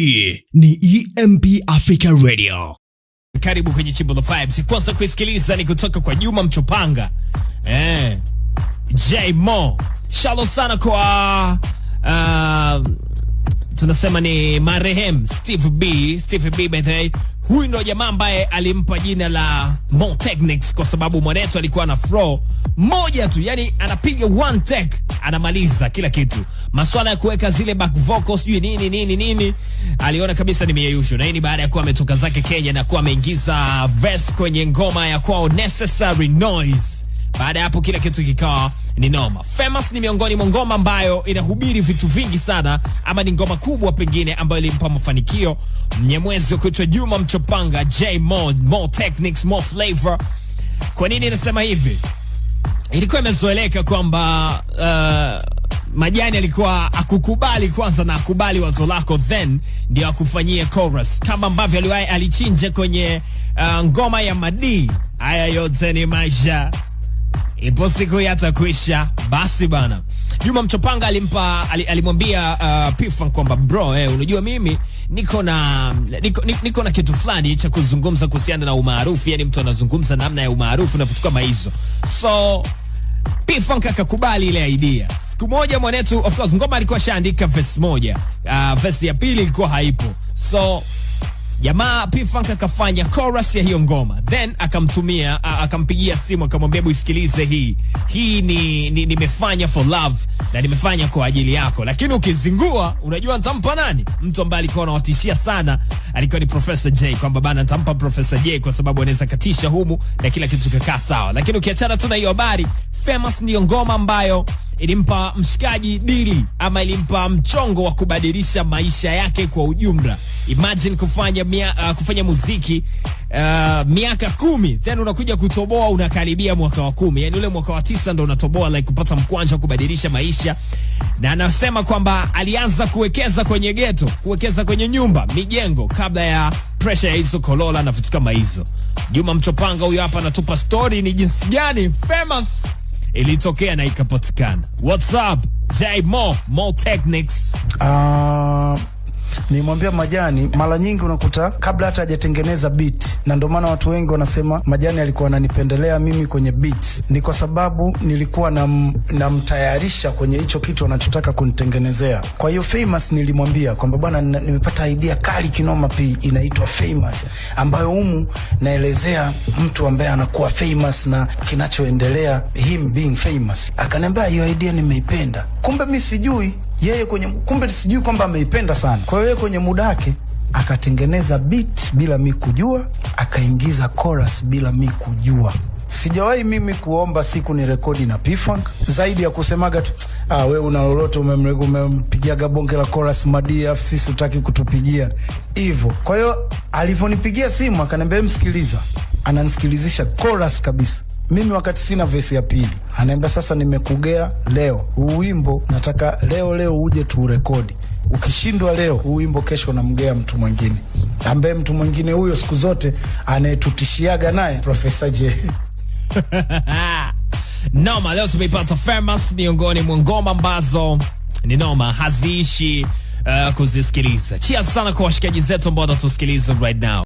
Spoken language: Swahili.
Hii ni EMP Africa Radio. Karibu kwenye Chimbo la Vibes. Kwanza kuisikiliza ni kutoka kwa Juma Mchopanga. Eh. J Mo. Shalo sana kwa uh, tunasema ni marehemu Steve B, Steve B by the way. Huyu ndo jamaa ambaye alimpa jina la Montechnics kwa sababu mwanetu alikuwa na flow moja tu, yani anapiga one take anamaliza kila kitu, Maswala ya kuweka zile back vocals, sijui nini nini nini, aliona kabisa nimeyeyushwa. Na hii ni baada ya kuwa ametoka zake Kenya na kuwa ameingiza verse kwenye ngoma ya kwao Necessary Noise. Baada ya hapo kila kitu kikawa ni noma. Famous ni miongoni mwa ngoma ambayo inahubiri vitu vingi sana, ama ni ngoma kubwa pengine ambayo ilimpa mafanikio Mnyamwezi wa kuitwa Juma Mchopanga, J Mode, more techniques, more flavor. Kwa nini nasema hivi? ilikuwa imezoeleka kwamba uh, Majani alikuwa akukubali kwanza na akubali wazo lako then ndio akufanyie chorus, kama ambavyo aliwahi alichinje kwenye uh, ngoma ya Madii, haya yote ni maisha, ipo siku yatakwisha. Basi bana, Juma Mchopanga alimpa alimwambia uh, Pifan kwamba bro, eh, unajua mimi niko na niko, niko, niko na kitu fulani cha kuzungumza kuhusiana na umaarufu, yani mtu anazungumza namna ya umaarufu na vitu kama hizo so P-Funk akakubali ile idea. Siku moja mwanetu, of course, ngoma alikuwa shaandika verse moja. Uh, verse ya pili ilikuwa haipo. So Jamaa p akafanya chorus ya hiyo ngoma, then akamtumia akampigia simu akamwambia, hebu isikilize hii hii ni, ni, nimefanya for love na nimefanya kwa ajili yako, lakini ukizingua, unajua nitampa nani? Mtu ambaye alikuwa anawatishia sana alikuwa ni Professor J, kwamba bana nitampa Professor J kwa sababu anaweza katisha humu na kila kitu kikakaa sawa. Lakini ukiachana tu na hiyo habari, famous ndiyo ngoma ambayo ilimpa mshikaji dili ama ilimpa mchongo wa kubadilisha maisha yake kwa ujumla. Imagine kufanya, mia, uh, kufanya muziki uh, miaka kumi then unakuja kutoboa, unakaribia mwaka wa kumi, yani ule mwaka wa tisa ndo unatoboa like kupata mkwanja kubadilisha maisha. Na anasema kwamba alianza kuwekeza kwenye geto, kuwekeza kwenye nyumba, mijengo kabla ya pressure ya hizo Kolola na vitu kama hizo. Juma Mchopanga huyo hapa anatupa story ni jinsi gani famous ilitokea na ikapatikana. What's up Jaimo Mo Technics? Uh, nimwambia Majani, mara nyingi unakuta kabla hata hajatengeneza beat, na ndio maana watu wengi wanasema Majani alikuwa ananipendelea mimi kwenye beats, ni kwa sababu nilikuwa namtayarisha na kwenye hicho kitu anachotaka kunitengenezea. Kwa hiyo Famous nilimwambia kwamba bwana, nimepata idea kali kinoma pi inaitwa Famous, ambayo humu naelezea mtu ambaye anakuwa famous na kinachoendelea him being famous. Akaniambia hiyo idea nimeipenda, kumbe mi sijui yeye kwenye, kumbe sijui kwamba ameipenda sana. Kwa hiyo kwenye muda wake akatengeneza beat bila mi kujua, akaingiza chorus bila mi kujua. Sijawahi mimi kuomba siku ni rekodi na P-Funk zaidi ya kusemaga tu ah, we una lolote, umempigiaga bonge la chorus madii, afu sisi utaki kutupigia hivyo. Kwa hiyo alivyonipigia simu akaniambia, msikiliza, anansikilizisha chorus kabisa mimi wakati sina vesi ya pili, anaambia sasa, nimekugea leo, huu wimbo nataka leo leo uje tuurekodi ukishindwa leo huu wimbo, kesho unamgea mtu mwingine, ambaye mtu mwingine huyo siku zote anayetutishiaga naye Profesa J. Noma, leo tumeipata famous miongoni mwa ngoma ambazo ni noma, haziishi uh, kuzisikiliza. Chia sana kwa washikaji zetu ambao wanatusikiliza right now.